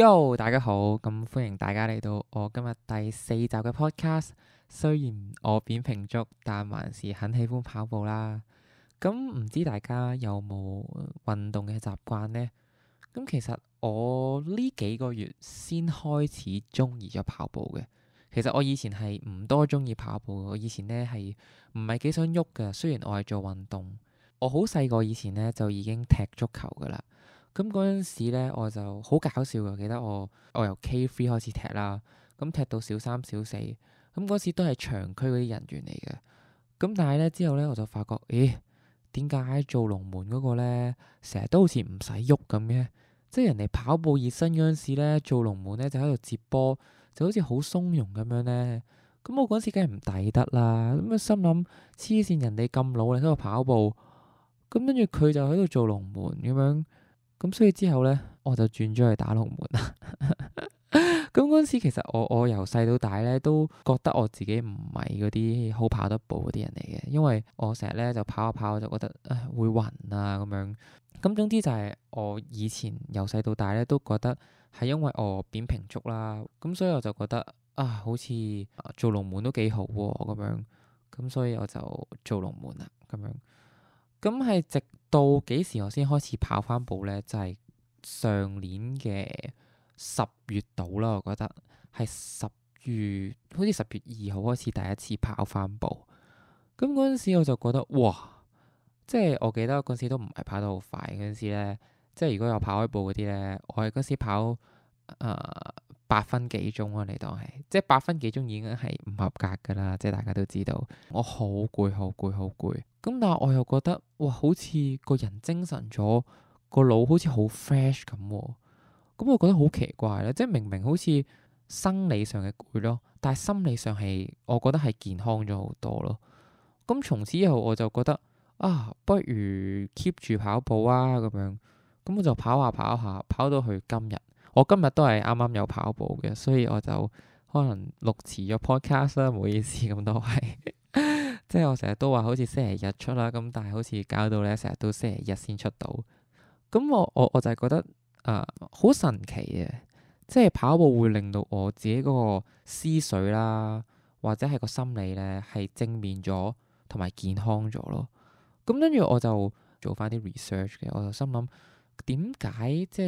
Yo，大家好，咁歡迎大家嚟到我今日第四集嘅 podcast。雖然我扁平足，但還是很喜歡跑步啦。咁唔知大家有冇運動嘅習慣呢？咁其實我呢幾個月先開始中意咗跑步嘅。其實我以前係唔多中意跑步，我以前呢係唔係幾想喐嘅。雖然我係做運動，我好細個以前呢就已經踢足球㗎喇。咁嗰陣時咧，我就好搞笑嘅。記得我我由 K3 開始踢啦，咁踢到小三、小四。咁嗰時都係長區嗰啲人員嚟嘅。咁但係咧之後咧，我就發覺咦，點解做龍門嗰個咧成日都好似唔使喐咁嘅？即係人哋跑步熱身嗰陣時咧，做龍門咧就喺度接波，就好似好鬆茸咁樣咧。咁我嗰時梗係唔抵得啦。咁啊心諗黐線，人哋咁努力喺度跑步，咁跟住佢就喺度做龍門咁樣。咁所以之後咧，我就轉咗去打龍門啦。咁嗰陣時，其實我我由細到大咧，都覺得我自己唔係嗰啲好跑得步嗰啲人嚟嘅，因為我成日咧就跑下跑，就覺得唉會暈啊咁樣。咁總之就係我以前由細到大咧，都覺得係因為我扁平足啦。咁所以我就覺得啊，好似做龍門都幾好喎、啊、咁樣。咁所以我就做龍門啦咁樣。咁係直到幾時我先開始跑返步咧？就係上年嘅十月度啦，我覺得係十月，好似十月二號開始第一次跑返步。咁嗰陣時我就覺得哇，即係我記得嗰陣時都唔係跑得好快嗰陣時咧，即係如果有跑開步嗰啲咧，我係嗰時跑啊。呃八分幾鐘啊，你當係，即係八分幾鐘已經係唔合格噶啦，即係大家都知道，我好攰，好攰，好攰，咁但係我又覺得，哇，好似個人精神咗，個腦好似好 fresh 咁，咁我覺得好奇怪啦，即係明明好似生理上嘅攰咯，但係心理上係，我覺得係健康咗好多咯。咁、嗯、從此以後我就覺得啊，不如 keep 住跑步啊，咁樣，咁、嗯、我就跑下、啊、跑下、啊，跑到去今日。我今日都係啱啱有跑步嘅，所以我就可能錄遲咗 podcast 啦，唔好意思咁多位。 即係我成日都話好似星期日出啦，咁但係好似搞到咧成日都星期日先出到。咁我我我就係覺得啊，好、呃、神奇嘅，即係跑步會令到我自己嗰個思緒啦，或者係個心理咧係正面咗，同埋健康咗咯。咁跟住我就做翻啲 research 嘅，我就心諗。點解即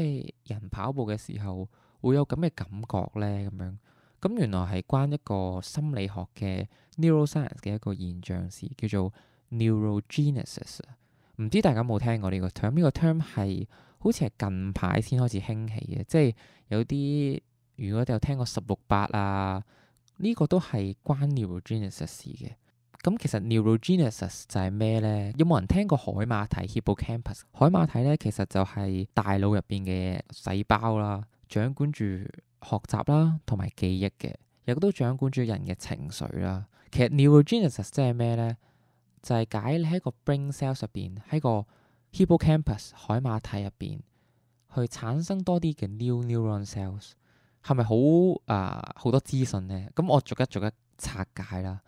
係人跑步嘅時候會有咁嘅感覺呢？咁樣咁原來係關一個心理學嘅 neuroscience 嘅一個現象事，叫做 neurogenesis。唔知大家有冇聽過呢個 term？呢個 term 係好似係近排先開始興起嘅，即係有啲如果你有聽過十六八啊，呢個都係關 neurogenesis 事嘅。咁其實 neurogenesis 就係咩咧？有冇人聽過海馬體 hippocampus？海馬體咧其實就係大腦入邊嘅細胞啦，掌管住學習啦同埋記憶嘅，亦都掌管住人嘅情緒啦。其實 neurogenesis 即係咩咧？就係解你喺個 brain cells 入邊，喺個 hippocampus 海馬體入邊去產生多啲嘅 new neuron cells，係咪好啊，好多資訊咧？咁我逐一逐一拆解啦。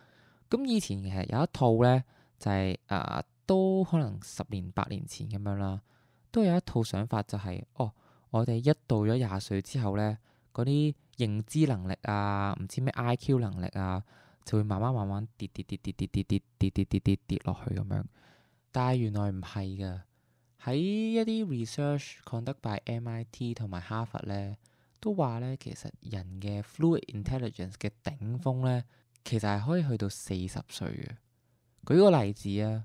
咁以前其實有一套咧，就係誒都可能十年八年前咁樣啦，都有一套想法就係，哦，我哋一到咗廿歲之後咧，嗰啲認知能力啊，唔知咩 IQ 能力啊，就會慢慢慢慢跌跌跌跌跌跌跌跌跌跌跌跌落去咁樣。但係原來唔係㗎，喺一啲 research conducted by MIT 同埋哈佛咧，都話咧，其實人嘅 fluid intelligence 嘅頂峰咧，其實係可以去到四十歲嘅。舉個例子啊，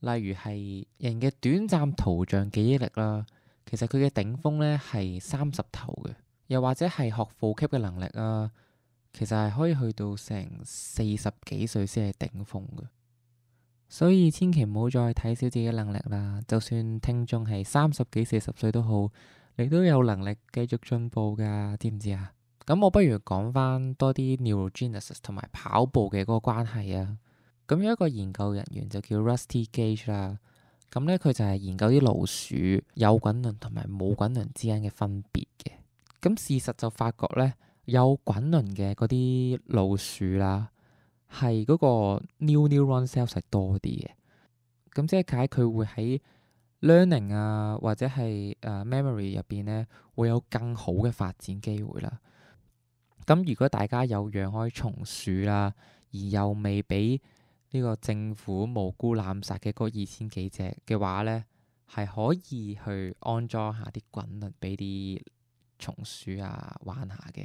例如係人嘅短暫圖像記憶力啦，其實佢嘅頂峰咧係三十頭嘅。又或者係學貨記嘅能力啊，其實係可以去到成四十幾歲先係頂峰嘅。所以千祈唔好再睇小自己嘅能力啦。就算聽眾係三十幾四十歲都好，你都有能力繼續進步㗎，知唔知啊？咁我不如講翻多啲 neurogenesis 同埋跑步嘅嗰個關係啊。咁有一個研究人員就叫 Rusty Gage 啦。咁咧佢就係研究啲老鼠有滾輪同埋冇滾輪之間嘅分別嘅。咁事實就發覺咧，有滾輪嘅嗰啲老鼠啦，係嗰個 new neuron cells 係多啲嘅。咁即係解佢會喺 learning 啊或者係誒 memory 入邊咧會有更好嘅發展機會啦。咁如果大家有養開松鼠啦、啊，而又未俾呢個政府無辜濫殺嘅嗰二千幾隻嘅話咧，係可以去安裝一下啲滾輪俾啲松鼠啊玩下嘅，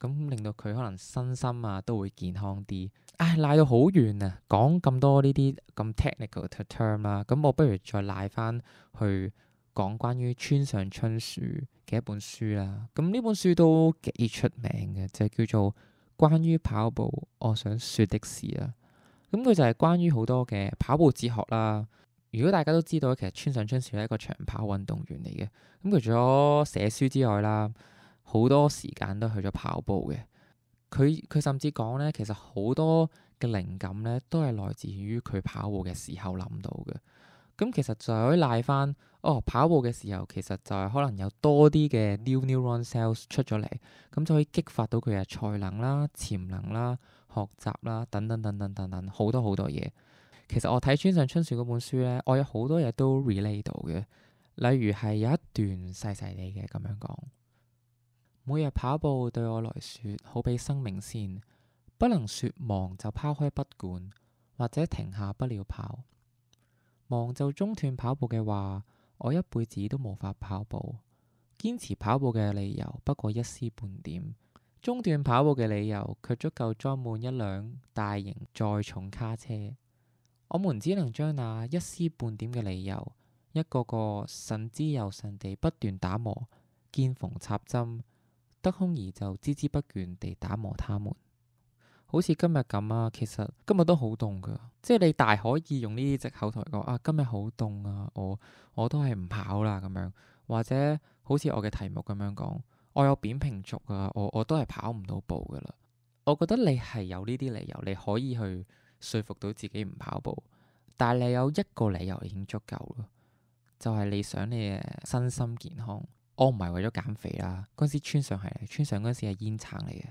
咁、嗯、令到佢可能身心啊都會健康啲。唉、哎，賴到好遠啊，講咁多呢啲咁 technical term 啦、啊，咁、嗯、我不如再賴翻去。講關於村上春樹嘅一本書啦，咁呢本書都幾出名嘅，就係叫做《關於跑步我想說的事》啦。咁佢就係關於好多嘅跑步哲學啦。如果大家都知道，其實村上春樹係一個長跑運動員嚟嘅，咁除咗寫書之外啦，好多時間都去咗跑步嘅。佢佢甚至講呢，其實好多嘅靈感呢都係來自於佢跑步嘅時候諗到嘅。咁其實就喺賴翻。哦，跑步嘅時候其實就係可能有多啲嘅 new neuron cells 出咗嚟，咁就可以激發到佢嘅才能啦、潛能啦、學習啦等等等等等等好多好多嘢。其實我睇村上春樹嗰本書呢，我有好多嘢都 relate 到嘅，例如係有一段細細地嘅咁樣講，每日跑步對我來說好比生命線，不能説忙就拋開不管，或者停下不了跑，忙就中斷跑步嘅話。我一輩子都無法跑步，堅持跑步嘅理由不過一絲半點，中斷跑步嘅理由卻足夠裝滿一輛大型載重卡車。我們只能將那一絲半點嘅理由，一個個慎之又慎地不斷打磨，見縫插針，得空而就孜孜不倦地打磨他們。好似今日咁啊，其實今日都好凍噶，即係你大可以用呢啲藉口嚟講啊，今日好凍啊，我我都係唔跑啦咁樣，或者好似我嘅題目咁樣講，我有扁平足啊，我我都係跑唔到步噶啦。我覺得你係有呢啲理由，你可以去說服到自己唔跑步，但係你有一個理由已經足夠咯，就係你想你嘅身心健康。我唔係為咗減肥啦，嗰陣時穿上係，穿上嗰陣時係煙橙嚟嘅。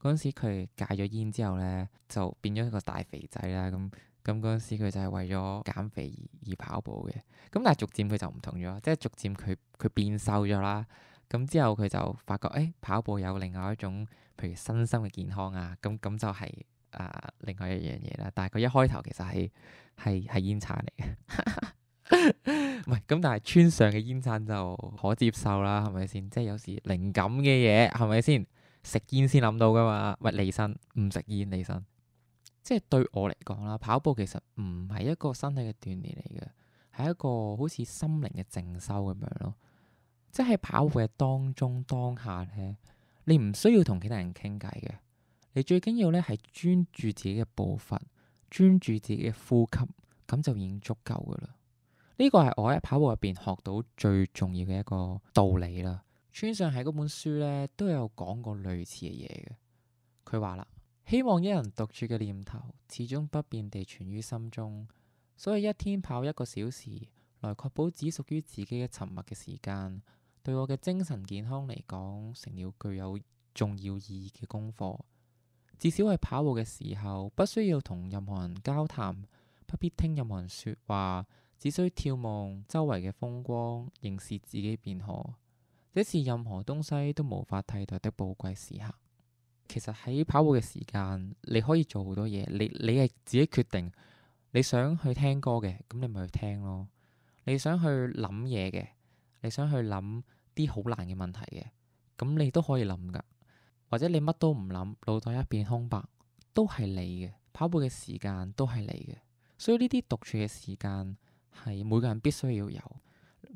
嗰陣時佢戒咗煙之後呢，就變咗一個大肥仔啦。咁咁嗰陣時佢就係為咗減肥而，而跑步嘅。咁但係逐漸佢就唔同咗，即係逐漸佢佢變瘦咗啦。咁之後佢就發覺，誒、欸，跑步有另外一種，譬如身心嘅健康啊。咁咁就係、是、誒、呃、另外一樣嘢啦。但係佢一開頭其實係係係煙塵嚟嘅，唔係。咁 但係村上嘅煙塵就可接受啦，係咪先？即係有時靈感嘅嘢，係咪先？食煙先諗到噶嘛？喂離身，唔食煙離身。即係對我嚟講啦，跑步其實唔係一個身體嘅鍛煉嚟嘅，係一個好似心靈嘅靜修咁樣咯。即係喺跑步嘅當中 當下咧，你唔需要同其他人傾偈嘅，你最緊要咧係專注自己嘅步伐，專注自己嘅呼吸，咁就已經足夠噶啦。呢、這個係我喺跑步入邊學到最重要嘅一個道理啦。村上喺嗰本書呢都有講過類似嘅嘢嘅。佢話啦，希望一人獨處嘅念頭始終不變地存於心中，所以一天跑一個小時，來確保只屬於自己嘅沉默嘅時間，對我嘅精神健康嚟講，成了具有重要意義嘅功課。至少喺跑步嘅時候，不需要同任何人交談，不必聽任何人說話，只需眺望周圍嘅風光，認識自己便可。這是任何東西都無法替代的寶貴時刻。其實喺跑步嘅時間，你可以做好多嘢。你你係自己決定你想去聽歌嘅，咁你咪去聽咯。你想去諗嘢嘅，你想去諗啲好難嘅問題嘅，咁你都可以諗㗎。或者你乜都唔諗，腦袋一片空白，都係你嘅。跑步嘅時間都係你嘅。所以呢啲獨處嘅時間係每個人必須要有。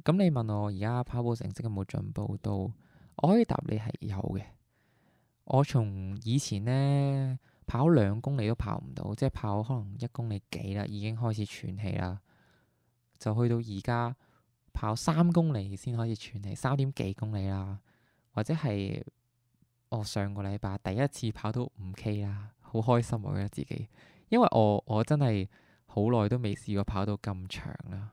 咁你問我而家跑步成績有冇進步到？我可以答你係有嘅。我從以前呢，跑兩公里都跑唔到，即係跑可能一公里幾啦，已經開始喘氣啦。就去到而家跑三公里先開始喘氣，三點幾公里啦，或者係我上個禮拜第一次跑到五 K 啦，好開心我覺得自己，因為我我真係好耐都未試過跑到咁長啦。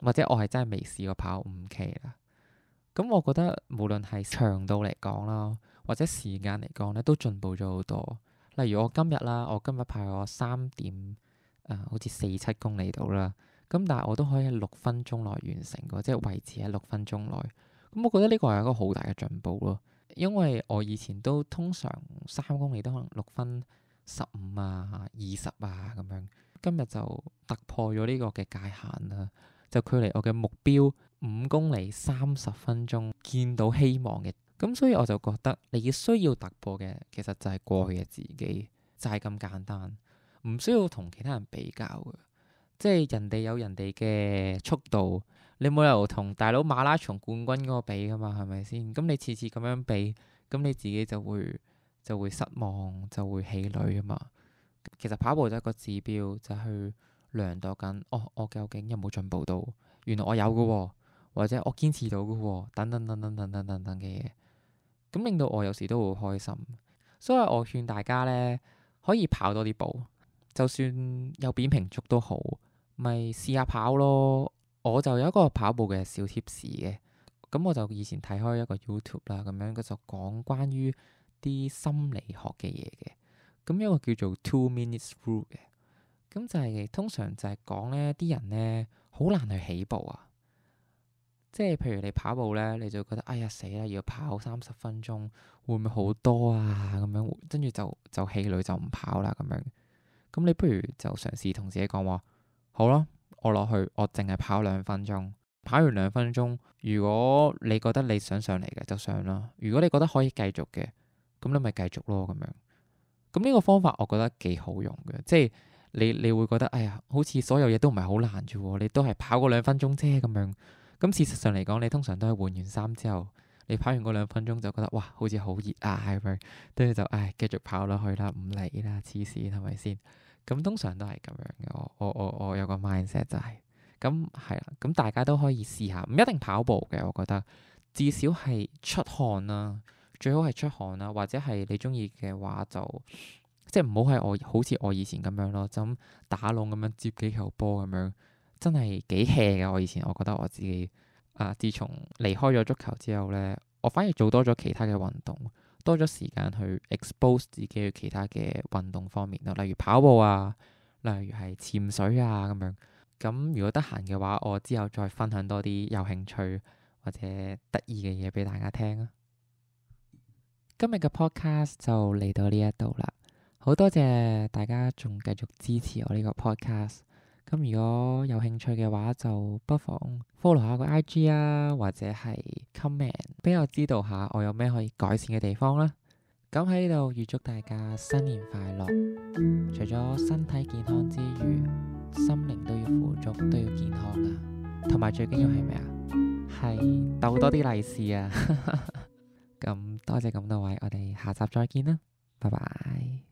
或者我係真係未試過跑五 K 啦，咁我覺得無論係長度嚟講啦，或者時間嚟講咧，都進步咗好多。例如我今日啦，我今日排我三點誒、呃，好似四七公里度啦，咁但係我都可以六分鐘內完成個，即係維持喺六分鐘內。咁我覺得呢個係一個好大嘅進步咯，因為我以前都通常三公里都可能六分十五啊、二十啊咁樣，今日就突破咗呢個嘅界限啦。就距離我嘅目標五公里三十分鐘，見到希望嘅，咁所以我就覺得你要需要突破嘅，其實就係過去嘅自己，就係咁簡單，唔需要同其他人比較嘅，即係人哋有人哋嘅速度，你冇理由同大佬馬拉松冠軍嗰個比噶嘛，係咪先？咁你次次咁樣比，咁你自己就會就會失望，就會氣餒啊嘛。其實跑步就係一個指標，就去。量度緊，哦，我究竟有冇進步到？原來我有嘅、哦，或者我堅持到嘅、哦，等等等等等等等等嘅嘢，咁令到我有時都好開心。所以我勸大家呢，可以跑多啲步，就算有扁平足都好，咪試下跑咯。我就有一個跑步嘅小貼士嘅，咁我就以前睇開一個 YouTube 啦，咁樣佢就講關於啲心理學嘅嘢嘅，咁一個叫做 Two Minutes Rule 嘅。咁就係、是、通常就係講呢啲人呢，好難去起步啊。即係，譬如你跑步呢，你就覺得哎呀死啦，要跑三十分鐘，會唔會好多啊？咁樣跟住就就氣餒，就唔跑啦。咁樣咁你不如就嘗試同自己講話好咯，我落去，我淨係跑兩分鐘。跑完兩分鐘，如果你覺得你想上嚟嘅就上啦。如果你覺得可以繼續嘅，咁你咪繼續咯。咁樣咁呢個方法，我覺得幾好用嘅，即係。你你會覺得哎呀，好似所有嘢都唔係好難啫喎，你都係跑嗰兩分鐘啫咁樣。咁事實上嚟講，你通常都係換完衫之後，你跑完嗰兩分鐘就覺得哇，好似好熱啊係咪？跟住就唉，繼續跑落去啦，唔理啦，黐線係咪先？咁通常都係咁樣嘅。我我我我有個 mindset 就係咁係啦。咁大家都可以試下，唔一定跑步嘅，我覺得至少係出汗啦，最好係出汗啦，或者係你中意嘅話就。即係唔好係我好似我以前咁樣咯，咁打籠咁樣接幾球波咁樣，真係幾 hea 嘅。我以前我覺得我自己啊、呃，自從離開咗足球之後咧，我反而做多咗其他嘅運動，多咗時間去 expose 自己去其他嘅運動方面咯，例如跑步啊，例如係潛水啊咁樣。咁如果得閒嘅話，我之後再分享多啲有興趣或者得意嘅嘢俾大家聽啊。今日嘅 podcast 就嚟到呢一度啦。好多謝大家仲繼續支持我呢個 podcast。咁如果有興趣嘅話，就不妨 follow 下個 IG 啊，或者係 comment 俾我知道下我有咩可以改善嘅地方啦。咁喺呢度預祝大家新年快樂，除咗身體健康之餘，心靈都要富足，都要健康噶。同埋最緊要係咩啊？係鬥多啲利是啊！咁 多謝咁多位，我哋下集再見啦，拜拜。